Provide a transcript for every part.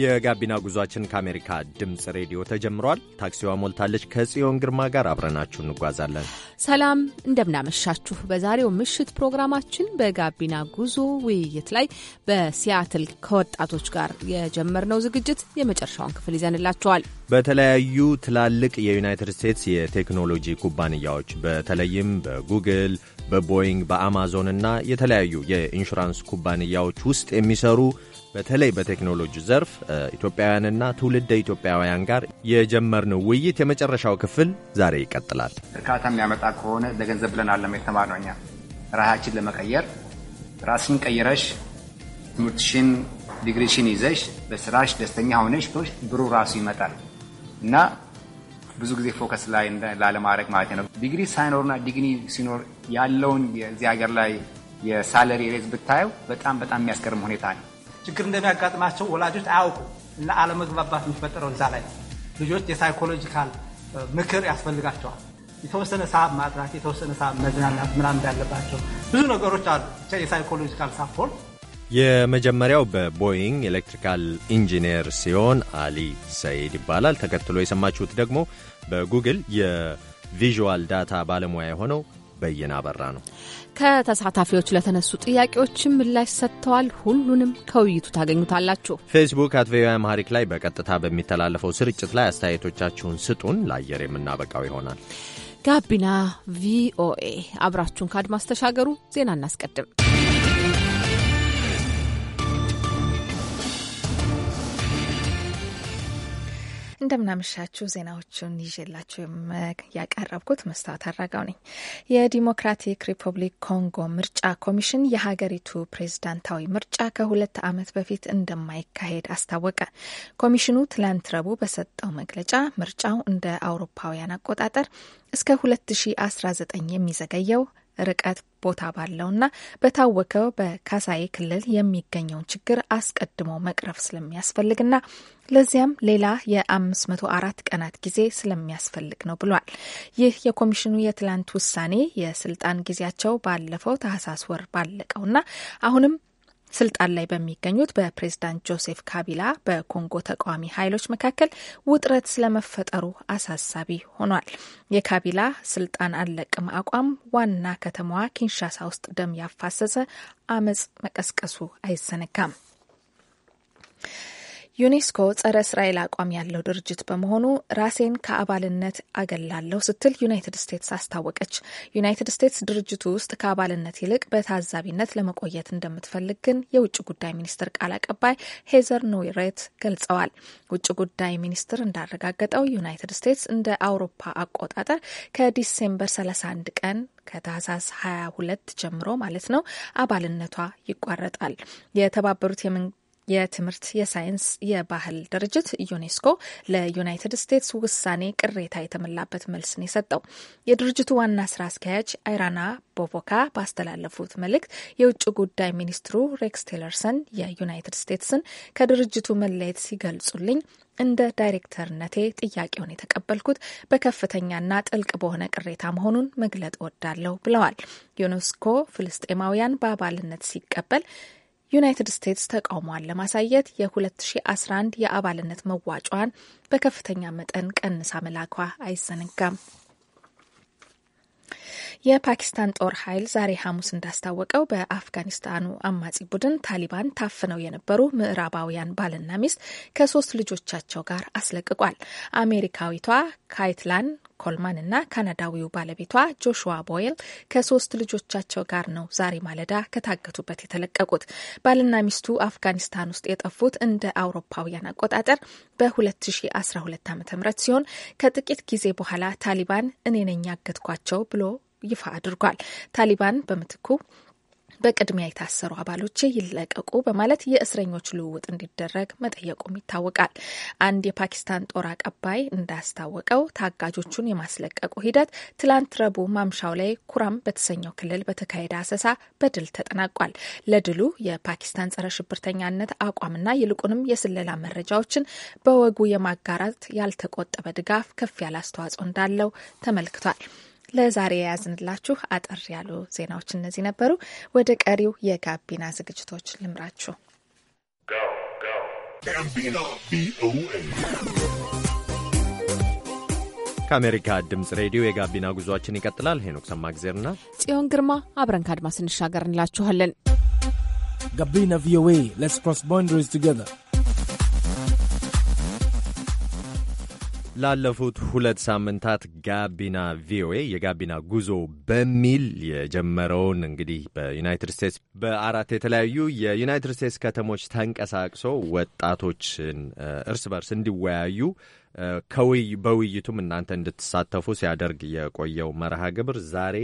የጋቢና ጉዟችን ከአሜሪካ ድምፅ ሬዲዮ ተጀምሯል። ታክሲዋ ሞልታለች። ከጽዮን ግርማ ጋር አብረናችሁ እንጓዛለን። ሰላም እንደምናመሻችሁ። በዛሬው ምሽት ፕሮግራማችን በጋቢና ጉዞ ውይይት ላይ በሲያትል ከወጣቶች ጋር የጀመርነው ዝግጅት የመጨረሻውን ክፍል ይዘንላችኋል። በተለያዩ ትላልቅ የዩናይትድ ስቴትስ የቴክኖሎጂ ኩባንያዎች በተለይም በጉግል፣ በቦይንግ፣ በአማዞን እና የተለያዩ የኢንሹራንስ ኩባንያዎች ውስጥ የሚሰሩ በተለይ በቴክኖሎጂ ዘርፍ ኢትዮጵያውያንና ትውልደ ኢትዮጵያውያን ጋር የጀመርነው ውይይት የመጨረሻው ክፍል ዛሬ ይቀጥላል። እርካታ የሚያመጣ ከሆነ ለገንዘብ ብለን አለም የተማርነው እኛ ራሳችን ለመቀየር ራስን ቀይረሽ ትምህርትሽን ዲግሪሽን ይዘሽ በስራሽ ደስተኛ ሆነሽ ብሩ ራሱ ይመጣል እና ብዙ ጊዜ ፎከስ ላይ ላለማድረግ ማለት ነው። ዲግሪ ሳይኖርና ዲግሪ ሲኖር ያለውን የዚህ ሀገር ላይ የሳለሪ ሬዝ ብታየው በጣም በጣም የሚያስገርም ሁኔታ ነው። ችግር እንደሚያጋጥማቸው ወላጆች አያውቁ እና አለመግባባት የሚፈጠረው እዛ ላይ ልጆች የሳይኮሎጂካል ምክር ያስፈልጋቸዋል። የተወሰነ ሰዓት ማጥናት፣ የተወሰነ ሰዓት መዝናናት ምናምን ያለባቸው ብዙ ነገሮች አሉ። የሳይኮሎጂካል ሳፖርት የመጀመሪያው በቦይንግ ኤሌክትሪካል ኢንጂነር ሲሆን አሊ ሰይድ ይባላል። ተከትሎ የሰማችሁት ደግሞ በጉግል የቪዥዋል ዳታ ባለሙያ የሆነው በየነ አበራ ነው። ከተሳታፊዎች ለተነሱ ጥያቄዎችም ምላሽ ሰጥተዋል። ሁሉንም ከውይይቱ ታገኙታላችሁ። ፌስቡክ አት ቪኦኤ አማሪክ ላይ በቀጥታ በሚተላለፈው ስርጭት ላይ አስተያየቶቻችሁን ስጡን፣ ለአየር የምናበቃው ይሆናል። ጋቢና ቪኦኤ አብራችሁን ከአድማስ ተሻገሩ። ዜና እናስቀድም። እንደምናመሻችሁ ዜናዎቹን ይዤላችሁ ያቀረብኩት መስታወት አድራጋው ነኝ። የዲሞክራቲክ ሪፐብሊክ ኮንጎ ምርጫ ኮሚሽን የሀገሪቱ ፕሬዝዳንታዊ ምርጫ ከሁለት ዓመት በፊት እንደማይካሄድ አስታወቀ። ኮሚሽኑ ትላንት ረቡዕ በሰጠው መግለጫ ምርጫው እንደ አውሮፓውያን አቆጣጠር እስከ 2019 የሚዘገየው ርቀት ቦታ ባለውና በታወቀው በካሳዬ ክልል የሚገኘውን ችግር አስቀድሞ መቅረፍ ስለሚያስፈልግና ለዚያም ሌላ የ504 ቀናት ጊዜ ስለሚያስፈልግ ነው ብሏል። ይህ የኮሚሽኑ የትላንት ውሳኔ የስልጣን ጊዜያቸው ባለፈው ታህሳስ ወር ባለቀውና አሁንም ስልጣን ላይ በሚገኙት በፕሬዝዳንት ጆሴፍ ካቢላ በኮንጎ ተቃዋሚ ኃይሎች መካከል ውጥረት ስለመፈጠሩ አሳሳቢ ሆኗል። የካቢላ ስልጣን አለቅም አቋም ዋና ከተማዋ ኪንሻሳ ውስጥ ደም ያፋሰሰ አመጽ መቀስቀሱ አይዘነጋም። ዩኔስኮ ጸረ እስራኤል አቋም ያለው ድርጅት በመሆኑ ራሴን ከአባልነት አገላለሁ ስትል ዩናይትድ ስቴትስ አስታወቀች። ዩናይትድ ስቴትስ ድርጅቱ ውስጥ ከአባልነት ይልቅ በታዛቢነት ለመቆየት እንደምትፈልግ ግን የውጭ ጉዳይ ሚኒስትር ቃል አቀባይ ሄዘር ኖይሬት ገልጸዋል። ውጭ ጉዳይ ሚኒስትር እንዳረጋገጠው ዩናይትድ ስቴትስ እንደ አውሮፓ አቆጣጠር ከዲሴምበር 31 ቀን ከታህሳስ 22 ጀምሮ ማለት ነው አባልነቷ ይቋረጣል። የተባበሩት የትምህርት የሳይንስ የባህል ድርጅት ዩኔስኮ ለዩናይትድ ስቴትስ ውሳኔ ቅሬታ የተሞላበት መልስን የሰጠው የድርጅቱ ዋና ስራ አስኪያጅ አይራና ቦቦካ ባስተላለፉት መልእክት የውጭ ጉዳይ ሚኒስትሩ ሬክስ ቴለርሰን የዩናይትድ ስቴትስን ከድርጅቱ መለየት ሲገልጹልኝ እንደ ዳይሬክተርነቴ ጥያቄውን የተቀበልኩት በከፍተኛና ጥልቅ በሆነ ቅሬታ መሆኑን መግለጥ እወዳለሁ ብለዋል። ዩኔስኮ ፍልስጤማውያን በአባልነት ሲቀበል ዩናይትድ ስቴትስ ተቃውሟን ለማሳየት የ2011 የአባልነት መዋጯን በከፍተኛ መጠን ቀንሳ መላኳ አይዘነጋም። የፓኪስታን ጦር ኃይል ዛሬ ሐሙስ እንዳስታወቀው በአፍጋኒስታኑ አማጺ ቡድን ታሊባን ታፍነው የነበሩ ምዕራባውያን ባልና ሚስት ከሶስት ልጆቻቸው ጋር አስለቅቋል። አሜሪካዊቷ ካይትላን ኮልማን እና ካናዳዊው ባለቤቷ ጆሹዋ ቦይል ከሶስት ልጆቻቸው ጋር ነው ዛሬ ማለዳ ከታገቱበት የተለቀቁት። ባልና ሚስቱ አፍጋኒስታን ውስጥ የጠፉት እንደ አውሮፓውያን አቆጣጠር በ2012 ዓ ም ሲሆን ከጥቂት ጊዜ በኋላ ታሊባን እኔ ነኝ ያገትኳቸው ብሎ ይፋ አድርጓል። ታሊባን በምትኩ በቅድሚያ የታሰሩ አባሎች ይለቀቁ በማለት የእስረኞች ልውውጥ እንዲደረግ መጠየቁም ይታወቃል። አንድ የፓኪስታን ጦር አቀባይ እንዳስታወቀው ታጋጆቹን የማስለቀቁ ሂደት ትላንት ረቡዕ ማምሻው ላይ ኩራም በተሰኘው ክልል በተካሄደ አሰሳ በድል ተጠናቋል። ለድሉ የፓኪስታን ጸረ ሽብርተኛነት አቋምና ይልቁንም የስለላ መረጃዎችን በወጉ የማጋራት ያልተቆጠበ ድጋፍ ከፍ ያለ አስተዋጽኦ እንዳለው ተመልክቷል። ለዛሬ የያዝንላችሁ አጠር ያሉ ዜናዎች እነዚህ ነበሩ። ወደ ቀሪው የጋቢና ዝግጅቶች ልምራችሁ። ከአሜሪካ ድምፅ ሬዲዮ የጋቢና ጉዟችን ይቀጥላል። ሄኖክ ሰማግዜርና ጽዮን ግርማ አብረን ከአድማስ እንሻገር እንላችኋለን። ጋቢና ቪኦኤ ሌትስ ክሮስ ባውንደሪስ ቱጌዘር ላለፉት ሁለት ሳምንታት ጋቢና ቪኦኤ የጋቢና ጉዞ በሚል የጀመረውን እንግዲህ በዩናይትድ ስቴትስ በአራት የተለያዩ የዩናይትድ ስቴትስ ከተሞች ተንቀሳቅሶ ወጣቶችን እርስ በርስ እንዲወያዩ በውይይቱም እናንተ እንድትሳተፉ ሲያደርግ የቆየው መርሃ ግብር ዛሬ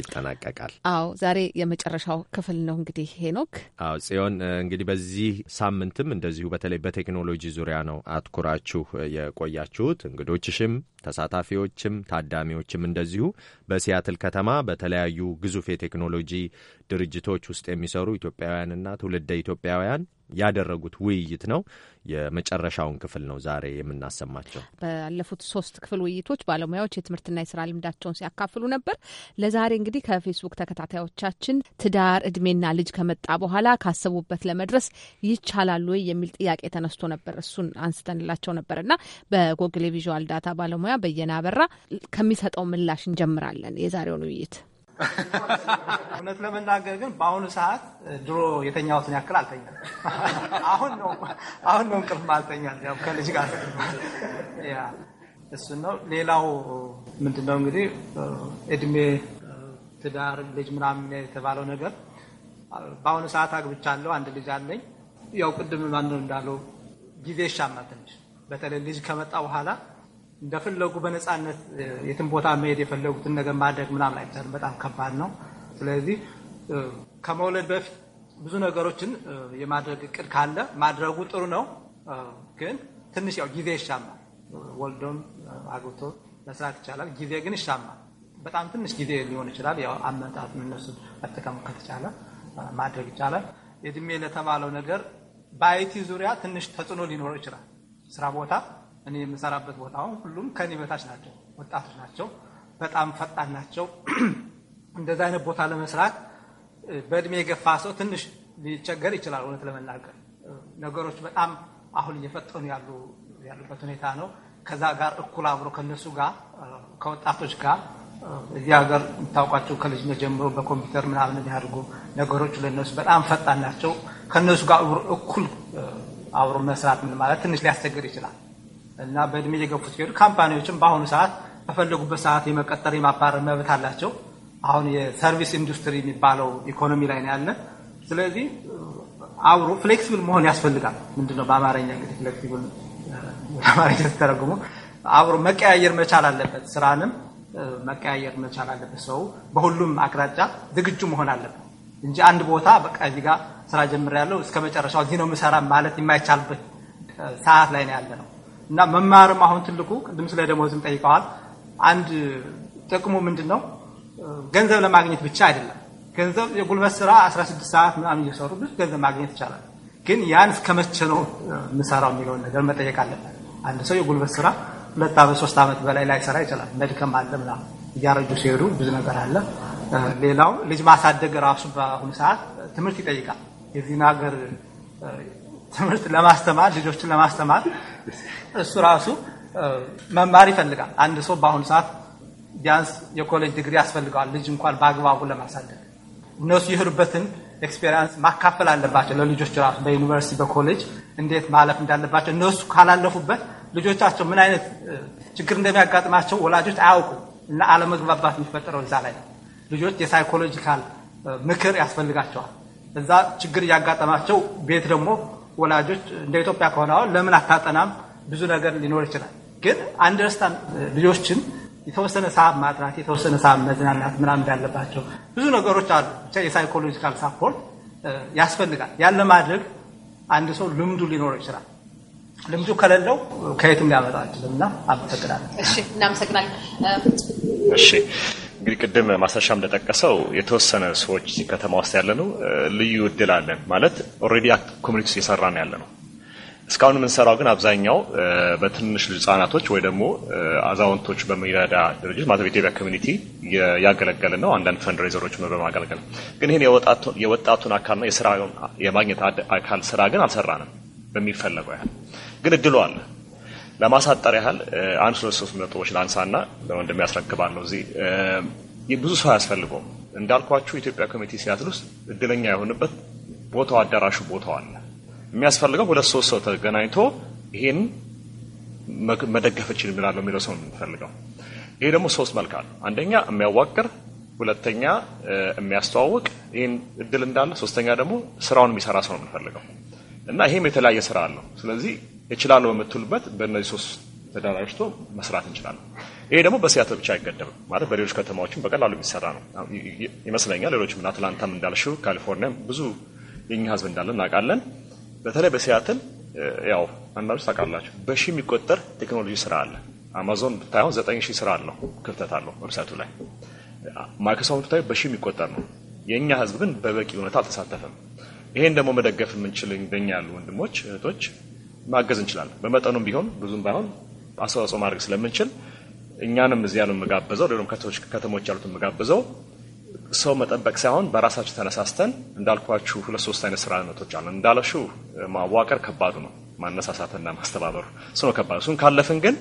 ይጠናቀቃል። አዎ ዛሬ የመጨረሻው ክፍል ነው። እንግዲህ ሄኖክ፣ አዎ ጽዮን፣ እንግዲህ በዚህ ሳምንትም እንደዚሁ በተለይ በቴክኖሎጂ ዙሪያ ነው አትኩራችሁ የቆያችሁት። እንግዶችሽም ተሳታፊዎችም ታዳሚዎችም እንደዚሁ በሲያትል ከተማ በተለያዩ ግዙፍ የቴክኖሎጂ ድርጅቶች ውስጥ የሚሰሩ ኢትዮጵያውያንና ትውልደ ኢትዮጵያውያን ያደረጉት ውይይት ነው። የመጨረሻውን ክፍል ነው ዛሬ የምናሰማቸው። ባለፉት ሶስት ክፍል ውይይቶች ባለሙያዎች የትምህርትና የስራ ልምዳቸውን ሲያካፍሉ ነበር። ለዛሬ እንግዲህ ከፌስቡክ ተከታታዮቻችን ትዳር፣ እድሜና ልጅ ከመጣ በኋላ ካሰቡበት ለመድረስ ይቻላሉ ወይ የሚል ጥያቄ ተነስቶ ነበር። እሱን አንስተንላቸው ነበር እና በጎግል ቪዥዋል ዳታ ባለሙያ በየነ አበራ ከሚሰጠው ምላሽ እንጀምራለን የዛሬውን ውይይት እውነት ለመናገር ግን በአሁኑ ሰዓት ድሮ የተኛሁትን ያክል አልተኛም። አሁን ነው አሁን ነው እንቅልፍ አልተኛል። ያው ከልጅ ጋር ያ ነው። ሌላው ምንድን ነው እንግዲህ እድሜ፣ ትዳር፣ ልጅ ምናምን የተባለው ነገር በአሁኑ ሰዓት አግብቻለሁ፣ አንድ ልጅ አለኝ። ያው ቅድም ማን ነው እንዳለው ጊዜ ይሻማል ትንሽ በተለይ ልጅ ከመጣ በኋላ እንደፈለጉ በነፃነት የትም ቦታ መሄድ የፈለጉትን ነገር ማድረግ ምናምን አይቻልም። በጣም ከባድ ነው። ስለዚህ ከመውለድ በፊት ብዙ ነገሮችን የማድረግ እቅድ ካለ ማድረጉ ጥሩ ነው። ግን ትንሽ ያው ጊዜ ይሻማል። ወልዶም አግብቶ መስራት ይቻላል። ጊዜ ግን ይሻማል። በጣም ትንሽ ጊዜ ሊሆን ይችላል። ያው አመጣት እነሱን መጠቀም ከተቻለ ማድረግ ይቻላል። የእድሜ ለተባለው ነገር በአይቲ ዙሪያ ትንሽ ተጽዕኖ ሊኖረው ይችላል ስራ ቦታ እኔ የምሰራበት ቦታ ሁሉም ከኔ በታች ናቸው፣ ወጣቶች ናቸው፣ በጣም ፈጣን ናቸው። እንደዛ አይነት ቦታ ለመስራት በእድሜ የገፋ ሰው ትንሽ ሊቸገር ይችላል። እውነት ለመናገር ነገሮች በጣም አሁን እየፈጠኑ ያሉበት ሁኔታ ነው። ከዛ ጋር እኩል አብሮ ከነሱ ጋር ከወጣቶች ጋር እዚህ ሀገር የምታውቋቸው ከልጅነት ጀምሮ በኮምፒውተር ምናምን የሚያደርጉ ነገሮች ለነሱ በጣም ፈጣን ናቸው። ከነሱ ጋር እኩል አብሮ መስራት ምን ማለት ትንሽ ሊያስቸግር ይችላል። እና በእድሜ የገፉት ሲሄዱ ካምፓኒዎችም በአሁኑ ሰዓት በፈለጉበት ሰዓት የመቀጠር የማባረር መብት አላቸው። አሁን የሰርቪስ ኢንዱስትሪ የሚባለው ኢኮኖሚ ላይ ነው ያለ። ስለዚህ አብሮ ፍሌክሲብል መሆን ያስፈልጋል። ምንድነው በአማርኛ እንግዲህ ፍሌክሲብል አማርኛ ተተረጉሙ አብሮ መቀያየር መቻል አለበት። ስራንም መቀያየር መቻል አለበት። ሰው በሁሉም አቅጣጫ ዝግጁ መሆን አለበት እንጂ አንድ ቦታ በቃ እዚህ ጋር ስራ ጀምሬያለሁ እስከ መጨረሻው እዚህ ነው የምሰራ ማለት የማይቻልበት ሰዓት ላይ ነው ያለ ነው። እና መማርም አሁን ትልቁ ቅድም ስለ ደሞዝም ጠይቀዋል። አንድ ጥቅሙ ምንድን ነው? ገንዘብ ለማግኘት ብቻ አይደለም። ገንዘብ የጉልበት ስራ 16 ሰዓት ምናምን እየሰሩ ብዙ ገንዘብ ማግኘት ይቻላል። ግን ያን እስከ መቼ ነው የምሰራው የሚለውን ነገር መጠየቅ አለበት። አንድ ሰው የጉልበት ስራ ሁለት ዓመት ሶስት ዓመት በላይ ላይሰራ ይችላል። መድከም አለ ምናምን እያረጁ ሲሄዱ ብዙ ነገር አለ። ሌላው ልጅ ማሳደግ ራሱ በአሁኑ ሰዓት ትምህርት ይጠይቃል። የዚህን ሀገር ትምህርት ለማስተማር ልጆችን ለማስተማር እሱ ራሱ መማር ይፈልጋል። አንድ ሰው በአሁኑ ሰዓት ቢያንስ የኮሌጅ ዲግሪ ያስፈልገዋል ልጅ እንኳን በአግባቡ ለማሳደግ። እነሱ የሄዱበትን ኤክስፔሪንስ ማካፈል አለባቸው ለልጆች ራሱ በዩኒቨርሲቲ በኮሌጅ እንዴት ማለፍ እንዳለባቸው እነሱ ካላለፉበት ልጆቻቸው ምን አይነት ችግር እንደሚያጋጥማቸው ወላጆች አያውቁ እና አለመግባባት የሚፈጠረው እዛ ላይ ልጆች የሳይኮሎጂካል ምክር ያስፈልጋቸዋል። እዛ ችግር እያጋጠማቸው ቤት ደግሞ ወላጆች እንደ ኢትዮጵያ ከሆነ አሁን ለምን አታጠናም ብዙ ነገር ሊኖር ይችላል። ግን አንደርስታን ልጆችን የተወሰነ ሰዓት ማጥናት፣ የተወሰነ ሰዓት መዝናናት ምናምን እንዳለባቸው ብዙ ነገሮች አሉ። ብቻ የሳይኮሎጂካል ሳፖርት ያስፈልጋል። ያን ለማድረግ አንድ ሰው ልምዱ ሊኖር ይችላል። ልምዱ ከሌለው ከየትም ሊያመጣ አይችልም እና አመሰግናለን። እሺ እናመሰግናለን። እሺ እንግዲህ ቅድም ማሳሻ እንደጠቀሰው የተወሰነ ሰዎች ከተማ ውስጥ ያለ ነው ልዩ እድል አለን ማለት ኦልሬዲ ኮሚኒቲ ውስጥ ነው ያለ ነው። እስካሁን የምንሰራው ግን አብዛኛው በትንሽ ህጻናቶች ወይ ደግሞ አዛውንቶች በሚረዳ ድርጅት ማለት በኢትዮጵያ ኮሚኒቲ ያገለገል ነው። አንዳንድ ፈንድሬዘሮች በማገልገል ግን ይህን የወጣቱን አካል ነው የስራ የማግኘት አካል ስራ ግን አልሰራንም በሚፈለገው ያህል ግን እድሉ አለ። ለማሳጠር ያህል አንድ ሁለት ሶስት ነጥቦች ላንሳና ለወንድሜ ያስረክባለሁ። እዚህ ብዙ ሰው አያስፈልገውም። እንዳልኳችሁ ኢትዮጵያ ኮሚኒቲ ሲያትል ውስጥ እድለኛ የሆንበት ቦታው አዳራሹ ቦታው አለ። የሚያስፈልገው ሁለት ሶስት ሰው ተገናኝቶ ይሄን መደገፍ እችል ብላለሁ የሚለው ሰው የምንፈልገው። ይሄ ደግሞ ሶስት መልክ አለ። አንደኛ የሚያዋቅር፣ ሁለተኛ የሚያስተዋውቅ ይህን እድል እንዳለ፣ ሶስተኛ ደግሞ ስራውን የሚሰራ ሰው ነው የምንፈልገው እና ይሄም የተለያየ ስራ አለው። ስለዚህ እችላለሁ በምትሉበት በእነዚህ ሶስት ተደራጅቶ መስራት እንችላለን። ይሄ ደግሞ በሲያተ ብቻ አይገደብም ማለት በሌሎች ከተማዎችም በቀላሉ የሚሰራ ነው ይመስለኛል። ሌሎችም አትላንታም እንዳልሽው ካሊፎርኒያም ብዙ የኛ ህዝብ እንዳለን እናውቃለን። በተለይ በሲያትል ያው አንዳንዶች ታውቃላችሁ በሺ የሚቆጠር ቴክኖሎጂ ስራ አለ። አማዞን ብታይሆን ዘጠኝ ሺህ ስራ አለው ክፍተት አለው ዌብሳይቱ ላይ። ማይክሮሶፍት ብታዩ በሺ የሚቆጠር ነው። የእኛ ህዝብ ግን በበቂ ሁኔታ አልተሳተፈም። ይሄን ደግሞ መደገፍ የምንችል በኛ ያሉ ወንድሞች እህቶች ማገዝ እንችላለን። በመጠኑም ቢሆን ብዙም ባይሆን አስተዋጽኦ ማድረግ ስለምንችል እኛንም እዚያ ነው የምጋብዘው፣ ሌሎም ከተሞች ያሉት የምጋብዘው ሰው መጠበቅ ሳይሆን በራሳችን ተነሳስተን እንዳልኳችሁ ሁለት ሶስት አይነት ስራ አይነቶች አሉ። እንዳለሽው ማዋቀር ከባዱ ነው። ማነሳሳትና ማስተባበሩ እሱ ነው ከባዱ። እሱን ካለፍን ግን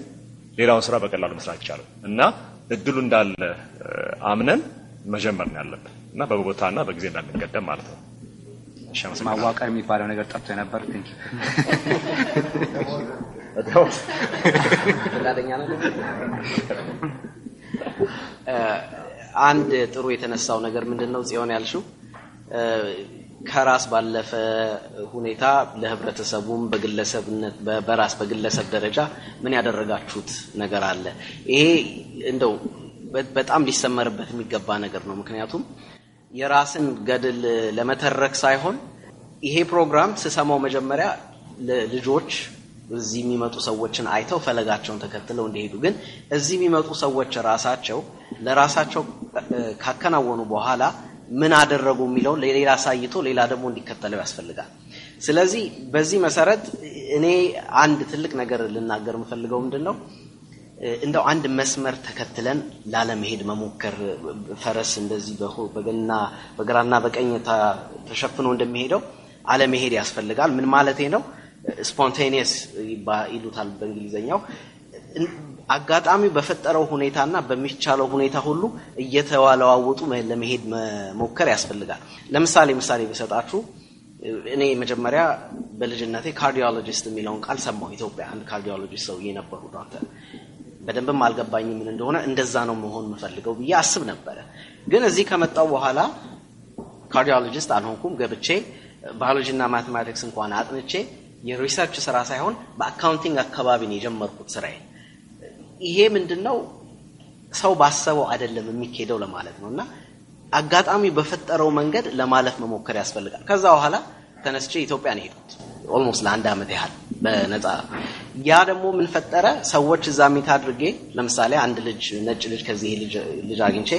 ሌላውን ስራ በቀላሉ መስራት ይቻላል እና እድሉ እንዳለ አምነን መጀመር ነው ያለብን እና በቦታና በጊዜ እንዳንገደም ማለት ነው። ማዋቀር የሚባለው ነገር ጠፍቶ የነበር አንድ ጥሩ የተነሳው ነገር ምንድን ነው ጽዮን ያልሽው ከራስ ባለፈ ሁኔታ ለህብረተሰቡም በግለሰብነት በራስ በግለሰብ ደረጃ ምን ያደረጋችሁት ነገር አለ? ይሄ እንደው በጣም ሊሰመርበት የሚገባ ነገር ነው። ምክንያቱም የራስን ገድል ለመተረክ ሳይሆን ይሄ ፕሮግራም ስሰማው መጀመሪያ ልጆች እዚህ የሚመጡ ሰዎችን አይተው ፈለጋቸውን ተከትለው እንዲሄዱ፣ ግን እዚህ የሚመጡ ሰዎች ራሳቸው ለራሳቸው ካከናወኑ በኋላ ምን አደረጉ የሚለውን ለሌላ አሳይቶ ሌላ ደግሞ እንዲከተለው ያስፈልጋል። ስለዚህ በዚህ መሰረት እኔ አንድ ትልቅ ነገር ልናገር የምፈልገው ምንድን ነው እንደው አንድ መስመር ተከትለን ላለመሄድ መሞከር ፈረስ እንደዚህ በገና በግራና በቀኝ ተሸፍኖ እንደሚሄደው አለመሄድ ያስፈልጋል። ምን ማለቴ ነው? ስፖንቴኒየስ ይሉታል በእንግሊዝኛው። አጋጣሚው በፈጠረው ሁኔታና በሚቻለው ሁኔታ ሁሉ እየተዋለዋወጡ ለመሄድ መሞከር ያስፈልጋል። ለምሳሌ ምሳሌ ቢሰጣችሁ እኔ መጀመሪያ በልጅነቴ ካርዲዮሎጂስት የሚለውን ቃል ሰማሁ። ኢትዮጵያ አንድ ካርዲዮሎጂስት ሰው የነበሩ ዶክተር። በደንብም አልገባኝ ምን እንደሆነ እንደዛ ነው መሆን የምፈልገው ብዬ አስብ ነበረ። ግን እዚህ ከመጣው በኋላ ካርዲዮሎጂስት አልሆንኩም። ገብቼ ባዮሎጂ እና ማቴማቲክስ እንኳን አጥንቼ የሪሰርች ስራ ሳይሆን በአካውንቲንግ አካባቢ ነው የጀመርኩት ስራ ይሄ ምንድን ነው ሰው ባሰበው አይደለም የሚኬደው ለማለት ነው እና አጋጣሚ በፈጠረው መንገድ ለማለፍ መሞከር ያስፈልጋል። ከዛ በኋላ ተነስቼ ኢትዮጵያ ነው ሄድኩት ኦልሞስት ለአንድ ዓመት ያህል በነጻ ያ ደግሞ ምን ፈጠረ? ሰዎች እዛ ሚት አድርጌ ለምሳሌ አንድ ልጅ ነጭ ልጅ ከዚህ ልጅ አግኝቼ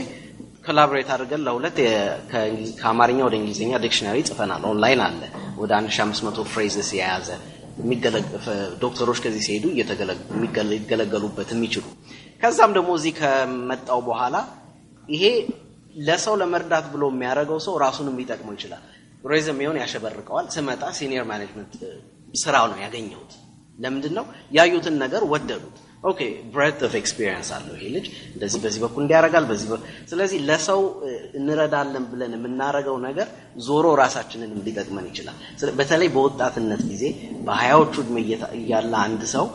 ኮላቦሬት አድርገን ለሁለት ከአማርኛ ወደ እንግሊዝኛ ዲክሽነሪ ጽፈናል። ኦንላይን አለ ወደ 1500 ፍሬዝስ የያዘ ዶክተሮች ከዚህ ሲሄዱ የሚገለገሉበት የሚችሉ ከዛም ደግሞ እዚህ ከመጣው በኋላ ይሄ ለሰው ለመርዳት ብሎ የሚያደርገው ሰው ራሱን የሚጠቅመው ይችላል። ሬዝሜውን ያሸበርቀዋል። ስመጣ ሲኒየር ማኔጅመንት ስራው ነው ያገኘሁት። ለምንድን ነው ያዩትን ነገር ወደዱት። ኦኬ ብሬት ኦፍ ኤክስፒሪየንስ አለው ይሄ ልጅ እንደዚህ በዚህ በኩል እንዲያረጋል። በዚህ ስለዚህ ለሰው እንረዳለን ብለን የምናረገው ነገር ዞሮ ራሳችንን ሊጠቅመን ይችላል። በተለይ በወጣትነት ጊዜ በሀያዎቹ እድሜ እያለ አንድ ሰው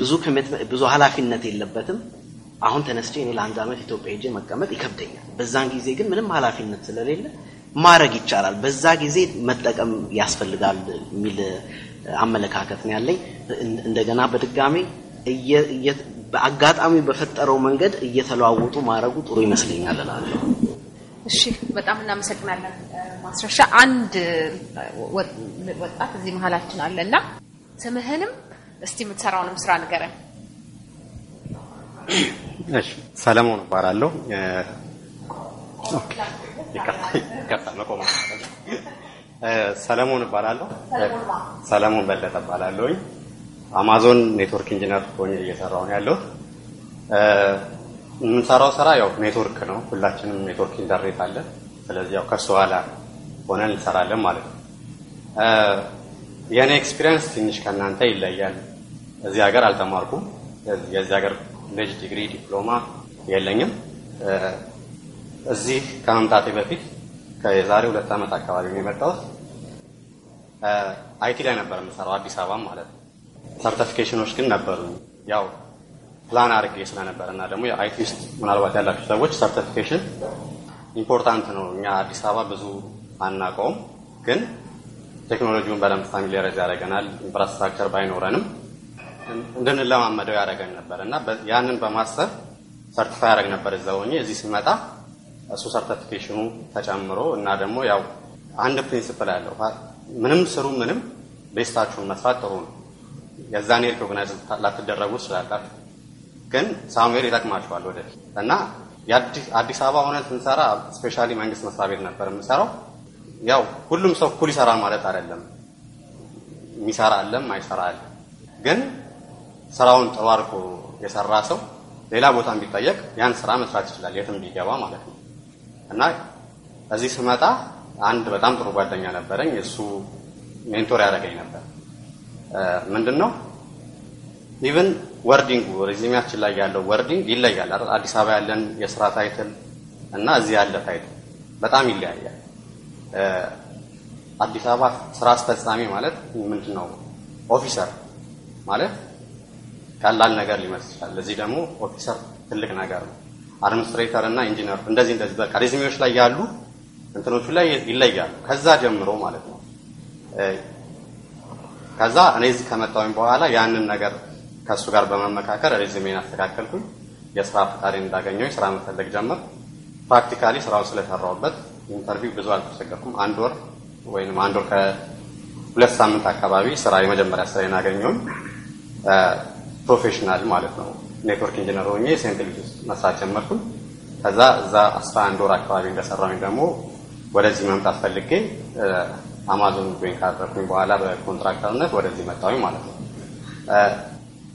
ብዙ ብዙ ኃላፊነት የለበትም። አሁን ተነስቼ እኔ ለአንድ ዓመት ኢትዮጵያ ሄጄ መቀመጥ ይከብደኛል። በዛን ጊዜ ግን ምንም ኃላፊነት ስለሌለ ማድረግ ይቻላል፣ በዛ ጊዜ መጠቀም ያስፈልጋል የሚል አመለካከት ነው ያለኝ። እንደገና በድጋሚ በአጋጣሚ በፈጠረው መንገድ እየተለዋወጡ ማድረጉ ጥሩ ይመስለኛል እላለሁ። እሺ፣ በጣም እናመሰግናለን ማስረሻ። አንድ ወጣት እዚህ መሀላችን አለ እና ስምህንም እስቲ የምትሰራውንም ስራ ንገረን። ሰለሞን እባላለሁ። ይቅርታ መቆም ሰለሞን እባላለሁ። ሰለሞን በለጠ እባላለሁኝ። አማዞን ኔትወርክ ኢንጂነር ሆኜ እየሰራሁ ነው ያለሁት። የምንሰራው ስራ ያው ኔትወርክ ነው። ሁላችንም ኔትወርክ ኢንተርኔት አለ። ስለዚህ ያው ከሱ ኋላ ሆነን እንሰራለን ማለት ነው። የእኔ ኤክስፒሪየንስ ትንሽ ከእናንተ ይለያል። እዚህ ሀገር አልተማርኩም። የዚህ ሀገር ነጅ ዲግሪ፣ ዲፕሎማ የለኝም። እዚህ ከመምጣቴ በፊት ከዛሬ ሁለት ዓመት አካባቢ ነው የመጣሁት። አይቲ ላይ ነበር የምሰራው አዲስ አበባ ማለት ነው። ሰርተፊኬሽኖች ግን ነበሩ ያው ፕላን አድርጌ ስለነበር እና ደግሞ የአይቲ ውስጥ ምናልባት ያላችሁ ሰዎች ሰርቲፊኬሽን ኢምፖርታንት ነው። እኛ አዲስ አበባ ብዙ አናውቀውም፣ ግን ቴክኖሎጂውን በደንብ ፋሚሊያራይዝ ያደርገናል። ኢንፍራስትራክቸር ባይኖረንም እንድንለማመደው ያደረገን ነበር እና ያንን በማሰብ ሰርቲፋይ ያደረግ ነበር እዛ ሆኜ እዚህ ስመጣ እሱ ሰርተፊኬሽኑ ተጨምሮ እና ደግሞ ያው አንድ ፕሪንስፕል አለው። ምንም ስሩ ምንም ቤስታችሁን መስራት ጥሩ ነው። የዛኔ ሪኮግናይዝ ላትደረጉ ስላላት ግን ሳሙኤል ይጠቅማችኋል ወደፊት እና አዲስ አበባ ሆነ ስንሰራ ስፔሻሊ መንግስት መስሪያ ቤት ነበር የምንሰራው። ያው ሁሉም ሰው እኩል ይሰራል ማለት አይደለም። የሚሰራ አለም አይሰራ አለ። ግን ስራውን ጥሩ አድርጎ የሰራ ሰው ሌላ ቦታ ቢጠየቅ ያን ስራ መስራት ይችላል፣ የትም ቢገባ ማለት ነው። እና እዚህ ስመጣ አንድ በጣም ጥሩ ጓደኛ ነበረኝ። እሱ ሜንቶር ያደረገኝ ነበር። ምንድን ነው ኢቭን ወርዲንጉ ሬዚሚያችን ላይ ያለው ወርዲንግ ይለያል። አዲስ አበባ ያለን የስራ ታይትል እና እዚህ ያለ ታይትል በጣም ይለያያል። አዲስ አበባ ስራ አስፈጻሚ ማለት ምንድን ነው? ኦፊሰር ማለት ቀላል ነገር ሊመስል ይችላል። እዚህ ደግሞ ኦፊሰር ትልቅ ነገር ነው። አድሚኒስትሬተር እና ኢንጂነር እንደዚህ እንደዚህ በቃ ላይ ያሉ እንትኖቹ ላይ ይለያሉ። ከዛ ጀምሮ ማለት ነው። ከዛ እኔ እዚህ ከመጣሁኝ በኋላ ያንን ነገር ከእሱ ጋር በመመካከር ሬዚሜን አስተካከልኩኝ። የስራ ፍቃድ እንዳገኘው ስራ መፈለግ ጀመር። ፕራክቲካሊ ስራውን ስለሰራሁበት ኢንተርቪው ብዙ አልተቸገርኩም። አንድ ወር ወይም አንድ ወር ከሁለት ሳምንት አካባቢ ስራ የመጀመሪያ ስራ አገኘሁኝ። ፕሮፌሽናል ማለት ነው ኔትወርክ ኢንጂነር ሆኜ ሴንት ልጅ መስራት ጀመርኩ። ከዛ እዛ 11 ወር አካባቢ እንደሰራሁኝ ደግሞ ወደዚህ መምጣት ፈልጌ አማዞን ጆይን ካደረኩኝ በኋላ በኮንትራክተርነት ወደዚህ መጣሁኝ ማለት ነው።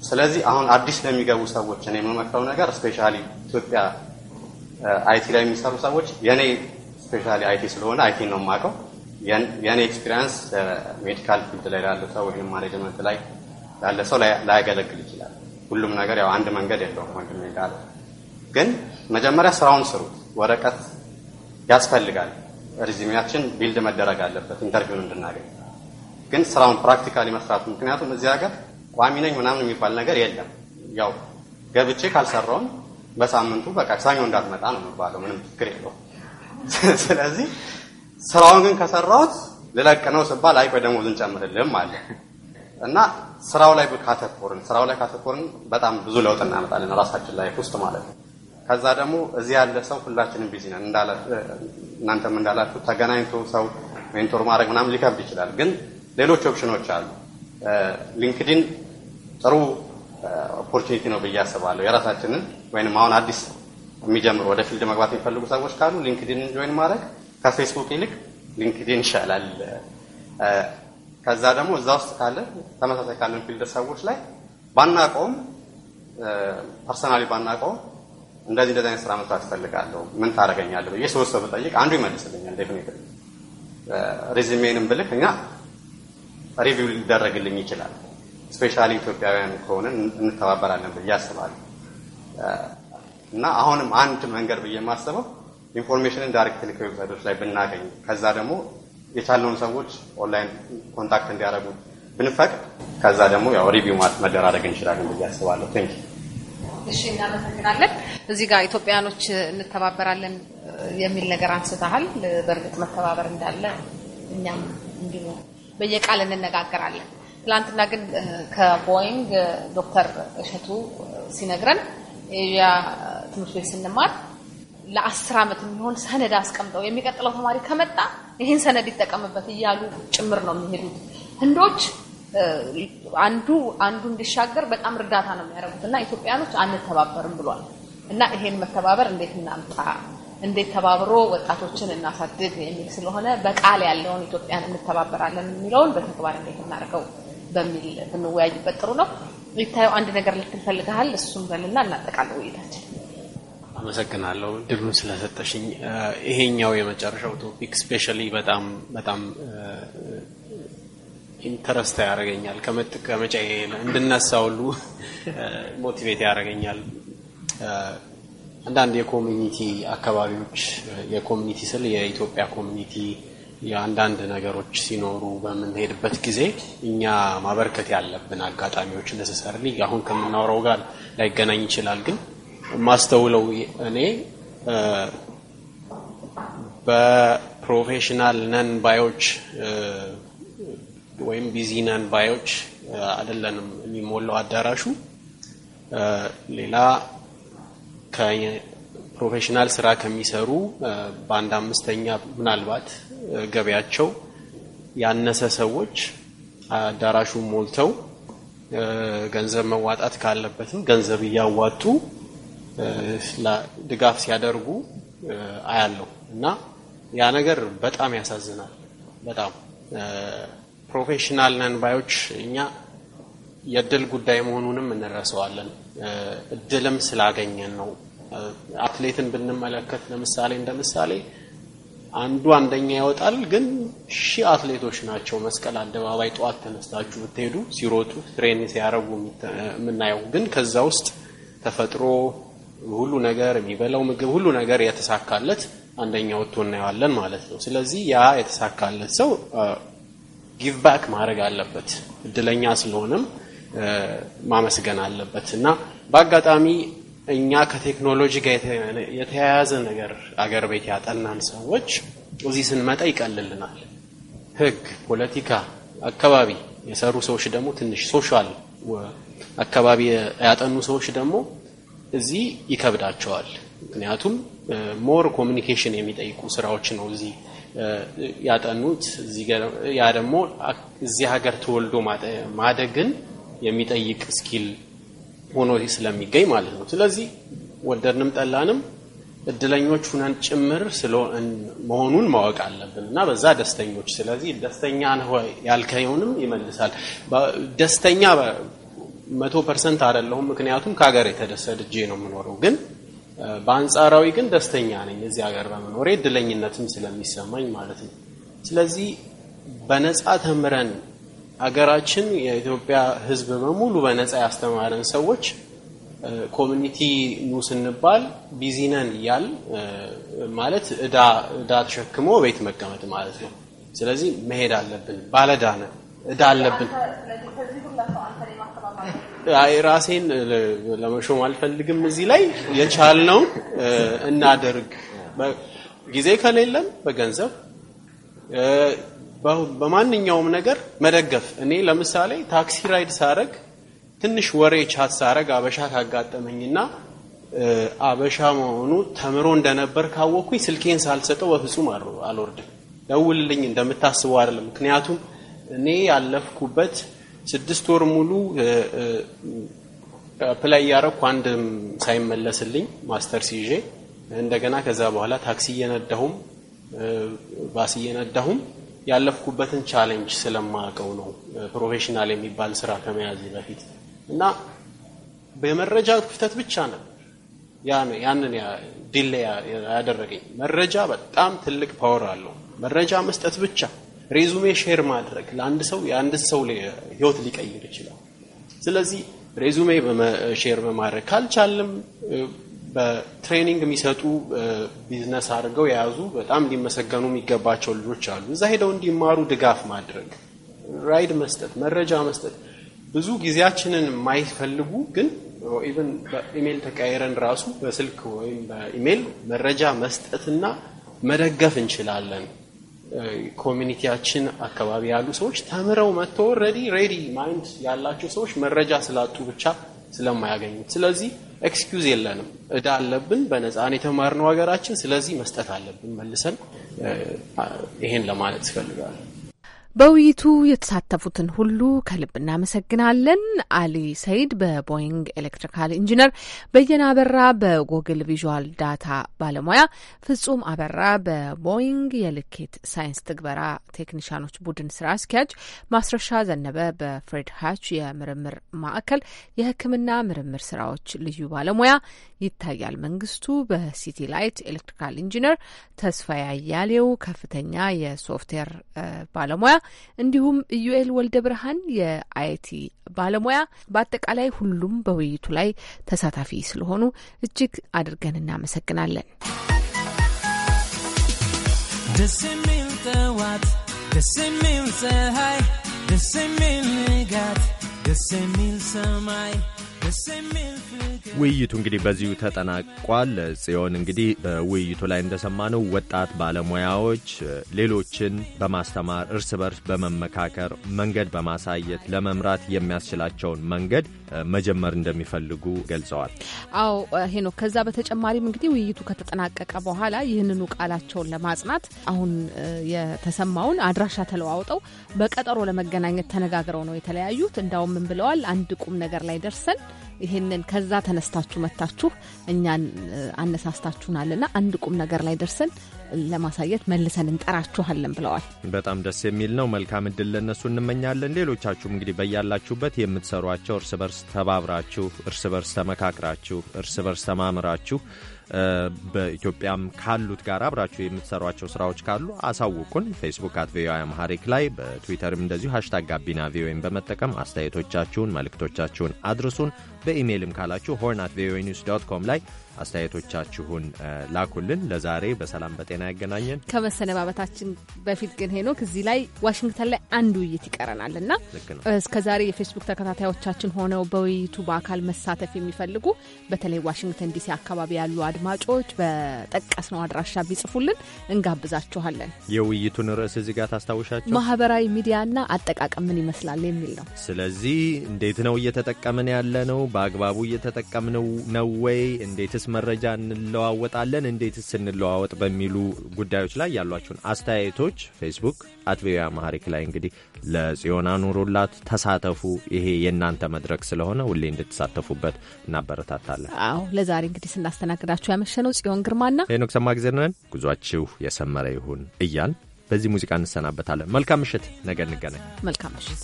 ስለዚህ አሁን አዲስ ለሚገቡ ሰዎች እኔ የምመክረው ነገር ስፔሻሊ ኢትዮጵያ አይቲ ላይ የሚሰሩ ሰዎች የኔ ስፔሻሊ አይቲ ስለሆነ አይቲ ነው የማውቀው። የኔ ኤክስፒሪንስ ሜዲካል ፊልድ ላይ ላለ ሰው ወይም ማኔጅመንት ላይ ላለ ሰው ላያገለግል ይችላል። ሁሉም ነገር ያው አንድ መንገድ የለውም ወንድሜ ጋር ግን መጀመሪያ ስራውን ስሩ። ወረቀት ያስፈልጋል። ሪዚሜያችን ቢልድ መደረግ አለበት ኢንተርቪውን እንድናገኝ። ግን ስራውን ፕራክቲካሊ መስራት ምክንያቱም እዚህ ሀገር ቋሚ ነኝ ምናምን የሚባል ነገር የለም። ያው ገብቼ ካልሰራውም በሳምንቱ በቃ ሰኞ እንዳትመጣ ነው የሚባለው። ምንም ችግር የለውም። ስለዚህ ስራውን ግን ከሰራሁት ልለቅ ነው ስባል አይ ደግሞ ደሞዝ አለ እና ስራው ላይ ካተኮርን ስራው ላይ ካተኮርን በጣም ብዙ ለውጥ እናመጣለን ራሳችን ላይ ውስጥ ማለት ነው። ከዛ ደግሞ እዚህ ያለ ሰው ሁላችንም ቢዚ ነን። እናንተም እንዳላችሁ ተገናኝቶ ሰው ሜንቶር ማድረግ ምናምን ሊከብድ ይችላል፣ ግን ሌሎች ኦፕሽኖች አሉ። ሊንክድን ጥሩ ኦፖርቹኒቲ ነው ብዬ አስባለሁ። የራሳችንን ወይም አሁን አዲስ የሚጀምሩ ወደ ፊልድ መግባት የሚፈልጉ ሰዎች ካሉ ሊንክድን ጆይን ማድረግ ከፌስቡክ ይልቅ ሊንክድን ይሻላል። ከዛ ደግሞ እዛ ውስጥ ካለ ተመሳሳይ ካለን ፊልደር ሰዎች ላይ ባናቀውም ፐርሰናሊ ባናቀውም እንደዚህ እንደዚህ አይነት ስራ መስራት እፈልጋለሁ ምን ታደርገኛለህ ብዬ ሶስት ሰው ብጠይቅ አንዱ ይመልስልኛል። ዴፊኒት ሬዚሜንም ብልክ እኛ ሪቪው ሊደረግልኝ ይችላል። ስፔሻሊ ኢትዮጵያውያን ከሆነ እንተባበራለን ብዬ አስባለሁ። እና አሁንም አንድ መንገድ ብዬ የማስበው ኢንፎርሜሽንን ዳይሬክትሊ ከዌብሳይቶች ላይ ብናገኝ ከዛ ደግሞ የቻለውን ሰዎች ኦንላይን ኮንታክት እንዲያደርጉ ብንፈቅድ ከዛ ደግሞ ያው ሪቪው መደራረግ እንችላለን ብዬ አስባለሁ። ቴንክ እሺ፣ እናመሰግናለን። እዚህ ጋር ኢትዮጵያኖች እንተባበራለን የሚል ነገር አንስተሃል። በእርግጥ መተባበር እንዳለ እኛም እንዲሁ በየቃል እንነጋገራለን። ትላንትና ግን ከቦይንግ ዶክተር እሸቱ ሲነግረን ኤዥያ ትምህርት ቤት ስንማር ለአስር ዓመት የሚሆን ሰነድ አስቀምጠው የሚቀጥለው ተማሪ ከመጣ ይህን ሰነድ ይጠቀምበት እያሉ ጭምር ነው የሚሄዱት። ህንዶች አንዱ አንዱ እንዲሻገር በጣም እርዳታ ነው የሚያደርጉት እና ኢትዮጵያኖች አንተባበርም ብሏል እና ይሄን መተባበር እንዴት እናምጣ፣ እንዴት ተባብሮ ወጣቶችን እናሳድግ የሚል ስለሆነ በቃል ያለውን ኢትዮጵያን እንተባበራለን የሚለውን በተግባር እንዴት እናደርገው በሚል ብንወያይበት ጥሩ ነው። ይታየው አንድ ነገር ልትል እሱም በልና እናጠቃለን ውይይታችን። አመሰግናለሁ ድሉን ስለሰጠሽኝ። ይሄኛው የመጨረሻው ቶፒክ ስፔሻሊ በጣም በጣም ኢንተረስት ያደርገኛል። ከመቀመጫ እንድነሳ ሁሉ ሞቲቬት ያደርገኛል። አንዳንድ የኮሚኒቲ አካባቢዎች የኮሚኒቲ ስል የኢትዮጵያ ኮሚኒቲ የአንዳንድ ነገሮች ሲኖሩ በምንሄድበት ጊዜ እኛ ማበርከት ያለብን አጋጣሚዎች ነሰሰርልኝ አሁን ከምናወራው ጋር ላይገናኝ ይችላል ግን የማስተውለው እኔ በፕሮፌሽናል ነን ባዮች ወይም ቢዚ ነን ባዮች አይደለንም የሚሞላው አዳራሹ። ሌላ ከፕሮፌሽናል ስራ ከሚሰሩ በአንድ አምስተኛ ምናልባት ገበያቸው ያነሰ ሰዎች አዳራሹ ሞልተው ገንዘብ መዋጣት ካለበትም ገንዘብ እያዋጡ ድጋፍ ሲያደርጉ አያለው እና ያ ነገር በጣም ያሳዝናል። በጣም ፕሮፌሽናል ነን ባዮች እኛ የእድል ጉዳይ መሆኑንም እንረሰዋለን። እድልም ስላገኘን ነው። አትሌትን ብንመለከት ለምሳሌ እንደ ምሳሌ አንዱ አንደኛ ይወጣል፣ ግን ሺህ አትሌቶች ናቸው መስቀል አደባባይ ጠዋት ተነስታችሁ ብትሄዱ ሲሮጡ ትሬን ሲያረጉ የምናየው ግን ከዛ ውስጥ ተፈጥሮ ሁሉ ነገር የሚበላው ምግብ ሁሉ ነገር የተሳካለት አንደኛ ወጥቶ እናየዋለን ማለት ነው። ስለዚህ ያ የተሳካለት ሰው ጊቭ ባክ ማድረግ አለበት። እድለኛ ስለሆነም ማመስገን አለበት እና በአጋጣሚ እኛ ከቴክኖሎጂ ጋር የተያያዘ ነገር አገር ቤት ያጠናን ሰዎች እዚህ ስንመጣ ይቀልልናል። ህግ ፖለቲካ፣ አካባቢ የሰሩ ሰዎች ደግሞ ትንሽ ሶሻል አካባቢ ያጠኑ ሰዎች ደግሞ እዚህ ይከብዳቸዋል። ምክንያቱም ሞር ኮሚኒኬሽን የሚጠይቁ ስራዎች ነው እዚህ ያጠኑት። ያ ደግሞ እዚህ ሀገር ተወልዶ ማደግን የሚጠይቅ ስኪል ሆኖ ስለሚገኝ ማለት ነው። ስለዚህ ወደድንም ጠላንም እድለኞች ሁነን ጭምር መሆኑን ማወቅ አለብን እና በዛ ደስተኞች። ስለዚህ ደስተኛ ነህ ያልከውንም ይመልሳል። ደስተኛ መቶ ፐርሰንት አይደለሁም፣ ምክንያቱም ከሀገር የተሰድጄ ነው የምኖረው። ግን በአንጻራዊ ግን ደስተኛ ነኝ እዚህ ሀገር በመኖሬ እድለኝነትም ስለሚሰማኝ ማለት ነው። ስለዚህ በነፃ ተምረን ሀገራችን የኢትዮጵያ ሕዝብ በሙሉ በነፃ ያስተማረን ሰዎች ኮሚኒቲ ኑ ስንባል ቢዚነን እያል ማለት እዳ ተሸክሞ ቤት መቀመጥ ማለት ነው። ስለዚህ መሄድ አለብን። ባለዕዳ ነን፣ እዳ አለብን። ራሴን ለመሾም አልፈልግም። እዚህ ላይ የቻልነውን እናደርግ። ጊዜ ከሌለም በገንዘብ በማንኛውም ነገር መደገፍ። እኔ ለምሳሌ ታክሲ ራይድ ሳረግ ትንሽ ወሬ ቻት ሳረግ አበሻ ካጋጠመኝና አበሻ መሆኑ ተምሮ እንደነበር ካወቅኩኝ ስልኬን ሳልሰጠው በፍጹም አልወርድም። ደውልልኝ እንደምታስበው አይደለም። ምክንያቱም እኔ ያለፍኩበት ስድስት ወር ሙሉ አፕላይ እያረኩ አንድም ሳይመለስልኝ ማስተርስ ይዤ እንደገና ከዛ በኋላ ታክሲ እየነዳሁም ባስ እየነዳሁም ያለፍኩበትን ቻሌንጅ ስለማውቀው ነው ፕሮፌሽናል የሚባል ስራ ከመያዝ በፊት እና በመረጃ ክፍተት ብቻ ነበር ያንን ዲሌ ያደረገኝ። መረጃ በጣም ትልቅ ፓወር አለው። መረጃ መስጠት ብቻ ሬዙሜ ሼር ማድረግ ለአንድ ሰው የአንድ ሰው ህይወት ሊቀይር ይችላል። ስለዚህ ሬዙሜ ሼር በማድረግ ካልቻልም በትሬኒንግ የሚሰጡ ቢዝነስ አድርገው የያዙ በጣም ሊመሰገኑ የሚገባቸው ልጆች አሉ። እዛ ሄደው እንዲማሩ ድጋፍ ማድረግ፣ ራይድ መስጠት፣ መረጃ መስጠት ብዙ ጊዜያችንን የማይፈልጉ ግን ኢቨን በኢሜይል ተቀያይረን ራሱ በስልክ ወይም በኢሜይል መረጃ መስጠትና መደገፍ እንችላለን። ኮሚኒቲያችን አካባቢ ያሉ ሰዎች ተምረው መጥቶ ኦልሬዲ ሬዲ ማይንድ ያላቸው ሰዎች መረጃ ስላጡ ብቻ ስለማያገኙት፣ ስለዚህ ኤክስኪውዝ የለንም። እዳ አለብን። በነፃን የተማርነው ሀገራችን፣ ስለዚህ መስጠት አለብን መልሰን። ይሄን ለማለት ይፈልጋል። በውይይቱ የተሳተፉትን ሁሉ ከልብ እናመሰግናለን። አሊ ሰይድ በቦይንግ ኤሌክትሪካል ኢንጂነር፣ በየነ አበራ በጎግል ቪዥዋል ዳታ ባለሙያ፣ ፍጹም አበራ በቦይንግ የልኬት ሳይንስ ትግበራ ቴክኒሽያኖች ቡድን ስራ አስኪያጅ፣ ማስረሻ ዘነበ በፍሬድ ሃች የምርምር ማዕከል የሕክምና ምርምር ስራዎች ልዩ ባለሙያ፣ ይታያል። መንግስቱ በሲቲ ላይት ኤሌክትሪካል ኢንጂነር ተስፋ ያያሌው ከፍተኛ የሶፍትዌር ባለሙያ እንዲሁም ኢዩኤል ወልደ ብርሃን የአይቲ ባለሙያ፣ በአጠቃላይ ሁሉም በውይይቱ ላይ ተሳታፊ ስለሆኑ እጅግ አድርገን እናመሰግናለን። ደስ የሚል ጠዋት፣ ደስ የሚል ፀሐይ፣ ደስ የሚል ንጋት፣ ደስ የሚል ሰማይ፣ ደስ የሚል ውይይቱ እንግዲህ በዚሁ ተጠናቋል። ጽዮን እንግዲህ በውይይቱ ላይ እንደሰማነው ወጣት ባለሙያዎች ሌሎችን በማስተማር እርስ በርስ በመመካከር መንገድ በማሳየት ለመምራት የሚያስችላቸውን መንገድ መጀመር እንደሚፈልጉ ገልጸዋል። አዎ ሄኖ፣ ከዛ በተጨማሪም እንግዲህ ውይይቱ ከተጠናቀቀ በኋላ ይህንኑ ቃላቸውን ለማጽናት አሁን የተሰማውን አድራሻ ተለዋውጠው በቀጠሮ ለመገናኘት ተነጋግረው ነው የተለያዩት። እንዳውም ምን ብለዋል? አንድ ቁም ነገር ላይ ደርሰን ይሄንን ከዛ ተነስታችሁ መታችሁ እኛን አነሳስታችሁናልና አንድ ቁም ነገር ላይ ደርሰን ለማሳየት መልሰን እንጠራችኋለን ብለዋል። በጣም ደስ የሚል ነው። መልካም እድል ለነሱ እንመኛለን። ሌሎቻችሁም እንግዲህ በያላችሁበት የምትሰሯቸው እርስ በርስ ተባብራችሁ፣ እርስ በርስ ተመካክራችሁ፣ እርስ በርስ ተማምራችሁ በኢትዮጵያም ካሉት ጋር አብራችሁ የምትሰሯቸው ስራዎች ካሉ አሳውቁን። ፌስቡክ አት ቪኦኤ አማሃሪክ ላይ በትዊተርም እንደዚሁ ሀሽታግ ጋቢና ቪኦኤን በመጠቀም አስተያየቶቻችሁን፣ መልእክቶቻችሁን አድርሱን። በኢሜይልም ካላችሁ ሆርን አት ቪኦኤ ኒውስ ዶት ኮም ላይ አስተያየቶቻችሁን ላኩልን። ለዛሬ በሰላም በጤና ያገናኘን። ከመሰነባበታችን በፊት ግን ሄኖክ እዚህ ላይ ዋሽንግተን ላይ አንድ ውይይት ይቀረናል እና እስከ ዛሬ የፌስቡክ ተከታታዮቻችን ሆነው በውይይቱ በአካል መሳተፍ የሚፈልጉ በተለይ ዋሽንግተን ዲሲ አካባቢ ያሉ አድማጮች በጠቀስነው አድራሻ ቢጽፉልን እንጋብዛችኋለን። የውይይቱን ርዕስ እዚህ ጋር ታስታውሻቸው ማህበራዊ ሚዲያና አጠቃቀም ምን ይመስላል የሚል ነው። ስለዚህ እንዴት ነው እየተጠቀምን ያለ ነው? በአግባቡ እየተጠቀምነው ነው ወይ? እንዴትስ መረጃ እንለዋወጣለን፣ እንዴት እንለዋወጥ በሚሉ ጉዳዮች ላይ ያሏችሁን አስተያየቶች ፌስቡክ አት ቪኦኤ አማሪክ ላይ እንግዲህ ለጽዮን አኑሩላት ተሳተፉ። ይሄ የእናንተ መድረክ ስለሆነ ሁሌ እንድትሳተፉበት እናበረታታለን። አዎ ለዛሬ እንግዲህ ስናስተናግዳችሁ ያመሸነው ጽዮን ግርማና ሄኖክ ሰማእግዜር ጉዟችሁ የሰመረ ይሁን እያል በዚህ ሙዚቃ እንሰናበታለን። መልካም ምሽት፣ ነገ እንገናኝ። መልካም ምሽት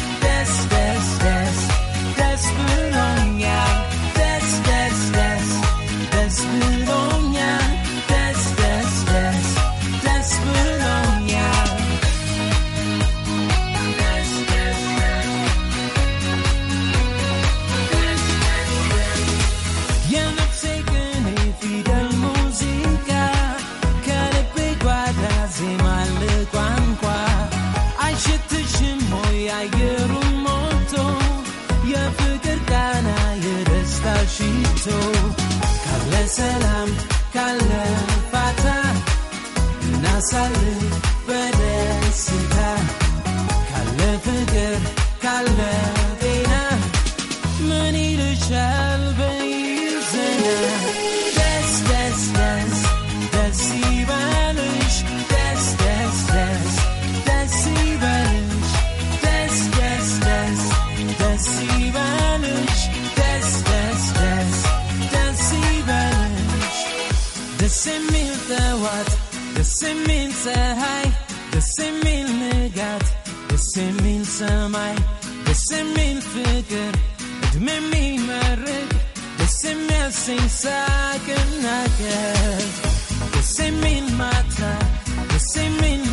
בסמין צהי, בסמין נגד, בסמין סמי, בסמין פגר, דממי מרק, בסמי הסנסק נגד, בסמין מטה, בסמין